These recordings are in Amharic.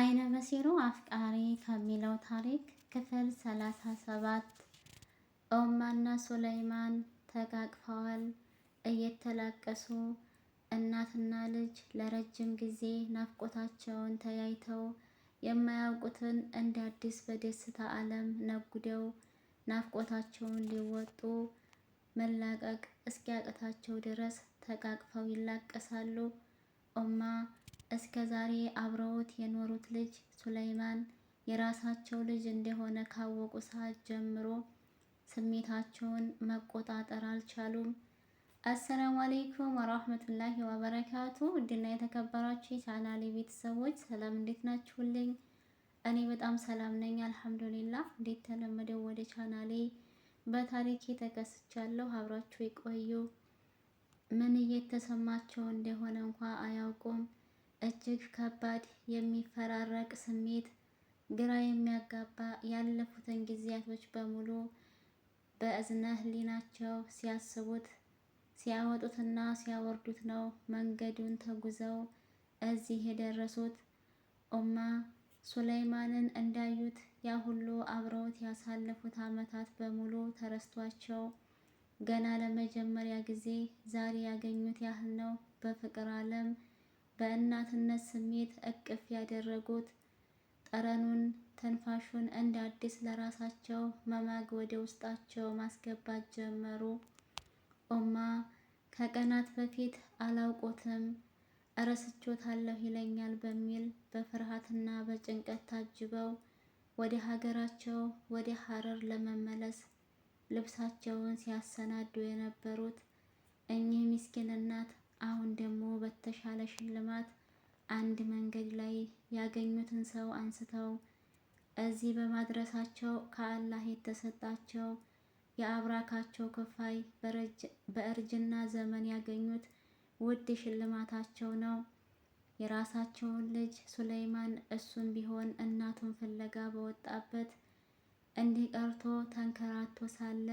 አይነ መሲሩ አፍቃሪ ከሚለው ታሪክ ክፍል ሰላሳ ሰባት ኦማና ሱለይማን ተቃቅፈዋል እየተላቀሱ እናትና ልጅ ለረጅም ጊዜ ናፍቆታቸውን ተያይተው የማያውቁትን እንደ አዲስ በደስታ ዓለም ነጉደው ናፍቆታቸውን ሊወጡ መላቀቅ እስኪያቅታቸው ድረስ ተቃቅፈው ይላቀሳሉ። ኦማ እስከ ዛሬ አብረውት የኖሩት ልጅ ሱለይማን የራሳቸው ልጅ እንደሆነ ካወቁ ሰዓት ጀምሮ ስሜታቸውን መቆጣጠር አልቻሉም። አሰላሙ አሌይኩም ወራህመቱላሂ ወበረካቱ። ውድና የተከበራችሁ የቻናሌ ቤተሰቦች ሰላም፣ እንዴት ናችሁልኝ? እኔ በጣም ሰላም ነኝ አልሐምዱሊላ። እንዴት ተለመደው ወደ ቻናሌ በታሪክ ተከስቻለሁ። አብራችሁ የቆዩ ምን እየተሰማቸው እንደሆነ እንኳ አያውቁም። እጅግ ከባድ የሚፈራረቅ ስሜት፣ ግራ የሚያጋባ ያለፉትን ጊዜያቶች በሙሉ በእዝነ ህሊናቸው ሲያስቡት ሲያወጡትና ሲያወርዱት ነው መንገዱን ተጉዘው እዚህ የደረሱት። ኡማ ሱለይማንን እንዳዩት ያ ሁሉ አብረውት ያሳለፉት ዓመታት በሙሉ ተረስቷቸው ገና ለመጀመሪያ ጊዜ ዛሬ ያገኙት ያህል ነው በፍቅር ዓለም በእናትነት ስሜት እቅፍ ያደረጉት ጠረኑን ትንፋሹን እንደ አዲስ ለራሳቸው መማግ ወደ ውስጣቸው ማስገባት ጀመሩ። ኦማ ከቀናት በፊት አላውቆትም እረስቾታለሁ ይለኛል በሚል በፍርሃትና በጭንቀት ታጅበው ወደ ሀገራቸው ወደ ሀረር ለመመለስ ልብሳቸውን ሲያሰናዱ የነበሩት እኚህ ምስኪን እናት አሁን ደግሞ በተሻለ ሽልማት አንድ መንገድ ላይ ያገኙትን ሰው አንስተው እዚህ በማድረሳቸው ከአላህ የተሰጣቸው የአብራካቸው ክፋይ በእርጅና ዘመን ያገኙት ውድ ሽልማታቸው ነው። የራሳቸውን ልጅ ሱለይማን እሱም ቢሆን እናቱን ፍለጋ በወጣበት እንዲህ ቀርቶ ተንከራቶ ሳለ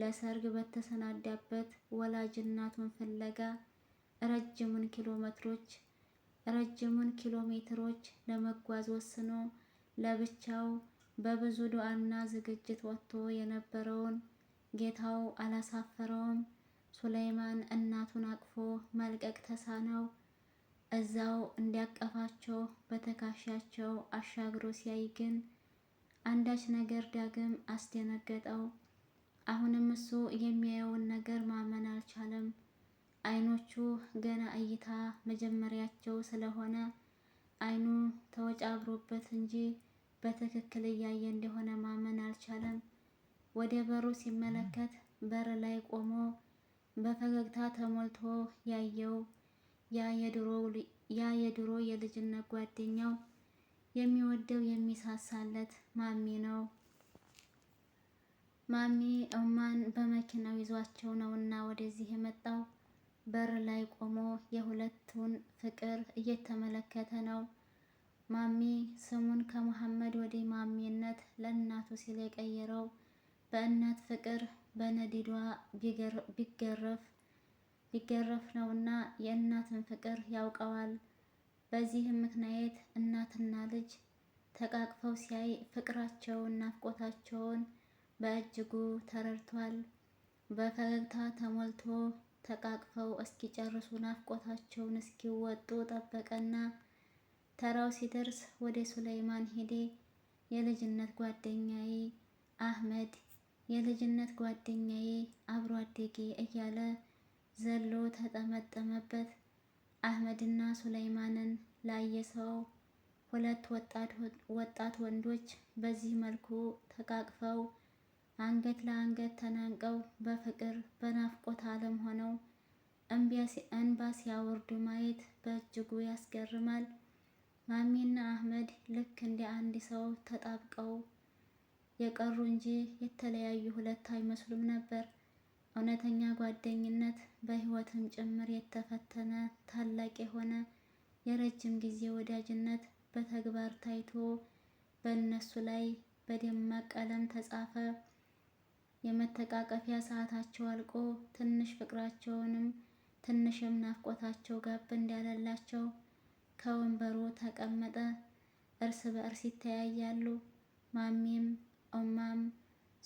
ለሰርግ በተሰናዳበት ወላጅ እናቱን ፍለጋ ረጅሙን ኪሎ ሜትሮች ረጅሙን ኪሎ ሜትሮች ለመጓዝ ወስኖ ለብቻው በብዙ ዱዓና ዝግጅት ወጥቶ የነበረውን ጌታው አላሳፈረውም። ሱለይማን እናቱን አቅፎ መልቀቅ ተሳነው። እዛው እንዲያቀፋቸው በትከሻቸው አሻግሮ ሲያይ ግን አንዳች ነገር ዳግም አስደነገጠው። አሁንም እሱ የሚያየውን ነገር ማመን አልቻለም። አይኖቹ ገና እይታ መጀመሪያቸው ስለሆነ አይኑ ተወጫብሮበት እንጂ በትክክል እያየ እንደሆነ ማመን አልቻለም። ወደ በሩ ሲመለከት በር ላይ ቆሞ በፈገግታ ተሞልቶ ያየው ያ የድሮ የልጅነት ጓደኛው የሚወደው የሚሳሳለት ማሚ ነው። ማሚ እማን በመኪናው ይዟቸው ነውና ወደዚህ የመጣው። በር ላይ ቆሞ የሁለቱን ፍቅር እየተመለከተ ነው። ማሚ ስሙን ከመሐመድ ወደ ማሚነት ለእናቱ ሲል የቀየረው በእናት ፍቅር በነዲዷ ቢገረፍ ቢገረፍ ነውና የእናትን ፍቅር ያውቀዋል። በዚህም ምክንያት እናትና ልጅ ተቃቅፈው ሲያይ ፍቅራቸውን፣ ናፍቆታቸውን በእጅጉ ተረድቷል። በፈገግታ ተሞልቶ ተቃቅፈው እስኪጨርሱ ናፍቆታቸውን እስኪወጡ ጠበቀና ተራው ሲደርስ ወደ ሱለይማን ሄዴ የልጅነት ጓደኛዬ አህመድ፣ የልጅነት ጓደኛዬ አብሮ አደጌ እያለ ዘሎ ተጠመጠመበት። አህመድና ሱለይማንን ላየ ሰው ሁለት ወጣት ወንዶች በዚህ መልኩ ተቃቅፈው አንገት ለአንገት ተናንቀው በፍቅር በናፍቆት ዓለም ሆነው እንባ ሲያወርዱ ማየት በእጅጉ ያስገርማል። ማሚና አህመድ ልክ እንደ አንድ ሰው ተጣብቀው የቀሩ እንጂ የተለያዩ ሁለት አይመስሉም ነበር። እውነተኛ ጓደኝነት በሕይወትም ጭምር የተፈተነ ታላቅ የሆነ የረጅም ጊዜ ወዳጅነት በተግባር ታይቶ በእነሱ ላይ በደማቅ ቀለም ተጻፈ። የመተቃቀፊያ ሰዓታቸው አልቆ ትንሽ ፍቅራቸውንም ትንሽም ናፍቆታቸው ጋብ እንዳለላቸው ከወንበሩ ተቀመጠ። እርስ በእርስ ይተያያሉ። ማሚም ኦማም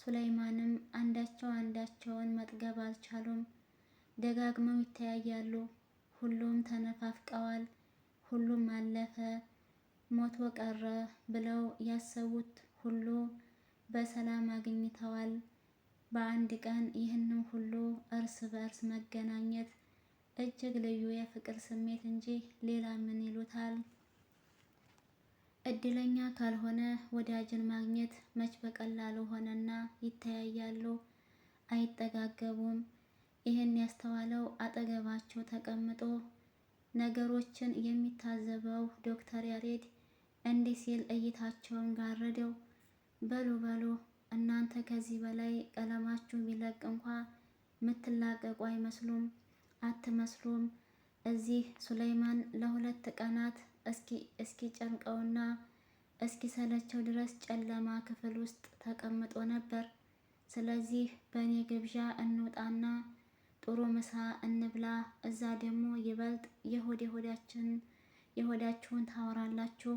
ሱላይማንም አንዳቸው አንዳቸውን መጥገብ አልቻሉም። ደጋግመው ይተያያሉ። ሁሉም ተነፋፍቀዋል። ሁሉም አለፈ ሞቶ ቀረ ብለው ያሰቡት ሁሉ በሰላም አግኝተዋል። በአንድ ቀን ይህንን ሁሉ እርስ በእርስ መገናኘት እጅግ ልዩ የፍቅር ስሜት እንጂ ሌላ ምን ይሉታል? እድለኛ ካልሆነ ወዳጅን ማግኘት መች በቀላሉ ሆነና ይተያያሉ፣ አይጠጋገቡም። ይህን ያስተዋለው አጠገባቸው ተቀምጦ ነገሮችን የሚታዘበው ዶክተር ያሬድ እንዲህ ሲል እይታቸውን ጋረደው። በሉ በሉ እናንተ ከዚህ በላይ ቀለማችሁ ቢለቅ እንኳ የምትላቀቁ አይመስሉም አትመስሉም። እዚህ ሱለይማን ለሁለት ቀናት እስኪ ጨንቀውና እስኪ ሰለቸው ድረስ ጨለማ ክፍል ውስጥ ተቀምጦ ነበር። ስለዚህ በእኔ ግብዣ እንውጣና ጥሩ ምሳ እንብላ፣ እዛ ደግሞ ይበልጥ የሆድ የሆዳችሁን ታወራላችሁ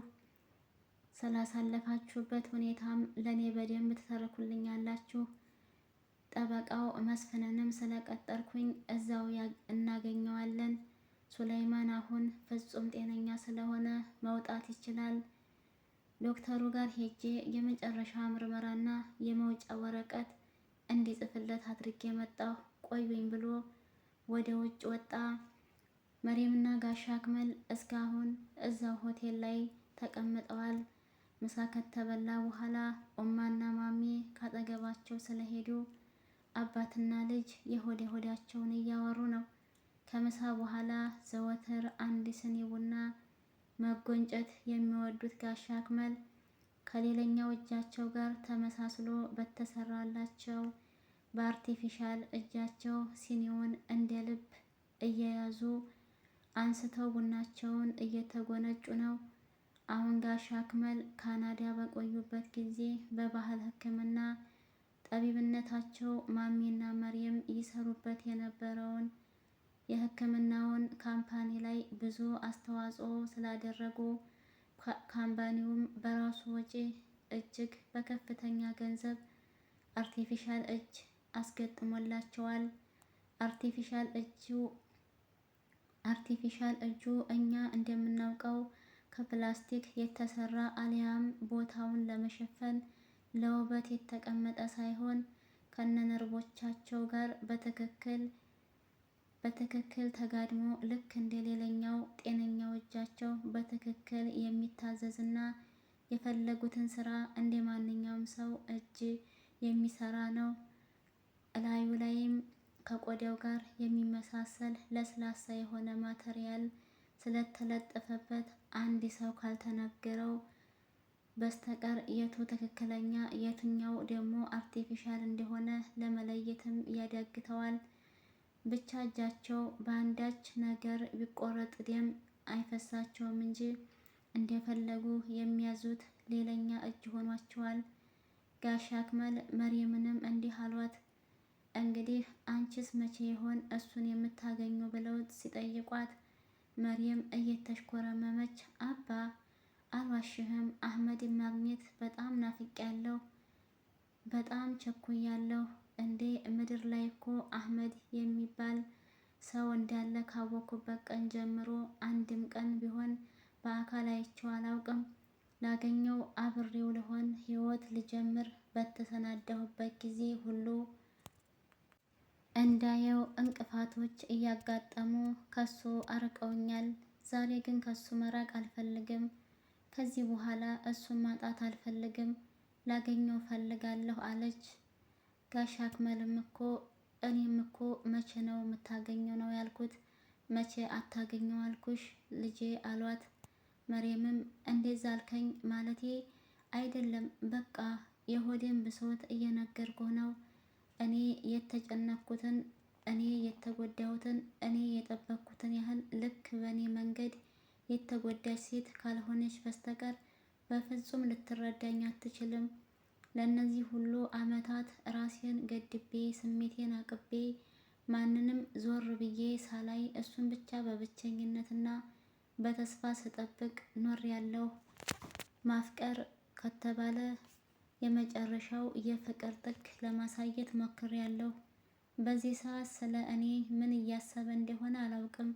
ስላሳለፋችሁበት ሁኔታም ለእኔ በደንብ ትተርኩልኛላችሁ። ጠበቃው መስፍንንም ስለቀጠርኩኝ እዛው እናገኘዋለን። ሱላይማን አሁን ፍጹም ጤነኛ ስለሆነ መውጣት ይችላል። ዶክተሩ ጋር ሄጄ የመጨረሻ ምርመራና የመውጫ ወረቀት እንዲጽፍለት አድርጌ መጣሁ። ቆዩኝ ብሎ ወደ ውጭ ወጣ። መሪምና ጋሻ አክመል እስካሁን እዛው ሆቴል ላይ ተቀምጠዋል። ምሳ ከተበላ በኋላ ኦማና ማሜ ካጠገባቸው ስለሄዱ አባትና ልጅ የሆድ የሆዳቸውን እያወሩ ነው። ከምሳ በኋላ ዘወትር አንድ ስኒ ቡና መጎንጨት የሚወዱት ጋሻ አክመል ከሌላኛው እጃቸው ጋር ተመሳስሎ በተሰራላቸው በአርቲፊሻል እጃቸው ሲኒውን እንደ ልብ እየያዙ አንስተው ቡናቸውን እየተጎነጩ ነው። አሁን ጋሻ አክመል ካናዳ በቆዩበት ጊዜ በባህል ሕክምና ጠቢብነታቸው ማሚና መርየም ይሰሩበት የነበረውን የሕክምናውን ካምፓኒ ላይ ብዙ አስተዋጽኦ ስላደረጉ ካምፓኒውም በራሱ ወጪ እጅግ በከፍተኛ ገንዘብ አርቲፊሻል እጅ አስገጥሞላቸዋል። አርቲፊሻል እጁ አርቲፊሻል እጁ እኛ እንደምናውቀው ከፕላስቲክ የተሰራ አሊያም ቦታውን ለመሸፈን ለውበት የተቀመጠ ሳይሆን ከነነርቦቻቸው ጋር በትክክል በትክክል ተጋድሞ ልክ እንደ ጤነኛው እጃቸው በትክክል የሚታዘዝና የፈለጉትን ስራ እንደ ማንኛውም ሰው እጅ የሚሰራ ነው። እላዩ ላይም ከቆዳው ጋር የሚመሳሰል ለስላሳ የሆነ ማተሪያል ስለተለጠፈበት አንድ ሰው ካልተነገረው በስተቀር የቱ ትክክለኛ የትኛው ደግሞ አርቲፊሻል እንደሆነ ለመለየትም ያዳግተዋል። ብቻ እጃቸው በአንዳች ነገር ቢቆረጥ ደም አይፈሳቸውም እንጂ እንደፈለጉ የሚያዙት ሌላኛ እጅ ሆኗቸዋል። ጋሽ አክመል መሪምንም እንዲህ አሏት። እንግዲህ አንቺስ መቼ ይሆን እሱን የምታገኙ ብለው ሲጠይቋት መርየም እየተሽኮረመመች አባ አልዋሽህም፣ አህመድን ማግኘት በጣም ናፍቅ ያለው በጣም ያለው እንዴ ምድር ላይ እኮ አህመድ የሚባል ሰው እንዳለ ካወኩበት ቀን ጀምሮ አንድም ቀን ቢሆን በአካል አይቼው አላውቅም። ላገኘው አብሬው ልሆን ህይወት ልጀምር በተሰናደሁበት ጊዜ ሁሉ እንዳየው እንቅፋቶች እያጋጠሙ ከሱ አርቀውኛል። ዛሬ ግን ከሱ መራቅ አልፈልግም። ከዚህ በኋላ እሱን ማጣት አልፈልግም። ላገኘው ፈልጋለሁ አለች። ጋሽ አክመልም እኮ እኔም እኮ መቼ ነው የምታገኘው ነው ያልኩት። መቼ አታገኘው አልኩሽ ልጄ አሏት። መሬምም እንዴዛ አልከኝ ማለቴ አይደለም፣ በቃ የሆዴን ብሶት እየነገርኩ ነው እኔ የተጨነኩትን እኔ የተጎዳሁትን እኔ የጠበቅኩትን ያህል ልክ በእኔ መንገድ የተጎዳች ሴት ካልሆነች በስተቀር በፍጹም ልትረዳኝ አትችልም። ለእነዚህ ሁሉ ዓመታት ራሴን ገድቤ ስሜቴን አቅቤ ማንንም ዞር ብዬ ሳላይ እሱን ብቻ በብቸኝነትና በተስፋ ስጠብቅ ኖር ያለው ማፍቀር ከተባለ የመጨረሻው የፍቅር ጥግ ለማሳየት ሞክሬያለሁ። በዚህ ሰዓት ስለ እኔ ምን እያሰበ እንደሆነ አላውቅም።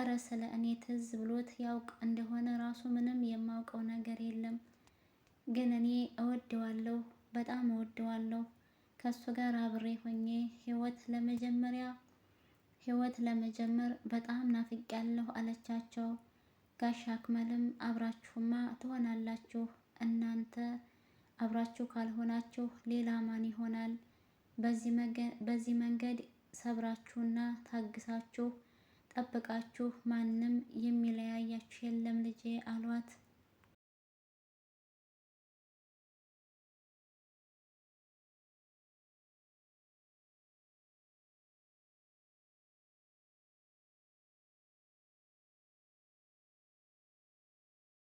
እረ ስለ እኔ ትዝ ብሎት ያውቅ እንደሆነ ራሱ ምንም የማውቀው ነገር የለም። ግን እኔ እወደዋለሁ፣ በጣም እወደዋለሁ። ከሱ ጋር አብሬ ሆኜ ህይወት ለመጀመሪያ ህይወት ለመጀመር በጣም ናፍቄያለሁ አለቻቸው። ጋሽ አክመልም አብራችሁማ ትሆናላችሁ እናንተ አብራችሁ ካልሆናችሁ ሌላ ማን ይሆናል? በዚህ መንገድ ሰብራችሁና ታግሳችሁ ጠብቃችሁ ማንም የሚለያያችሁ የለም ልጄ አሏት።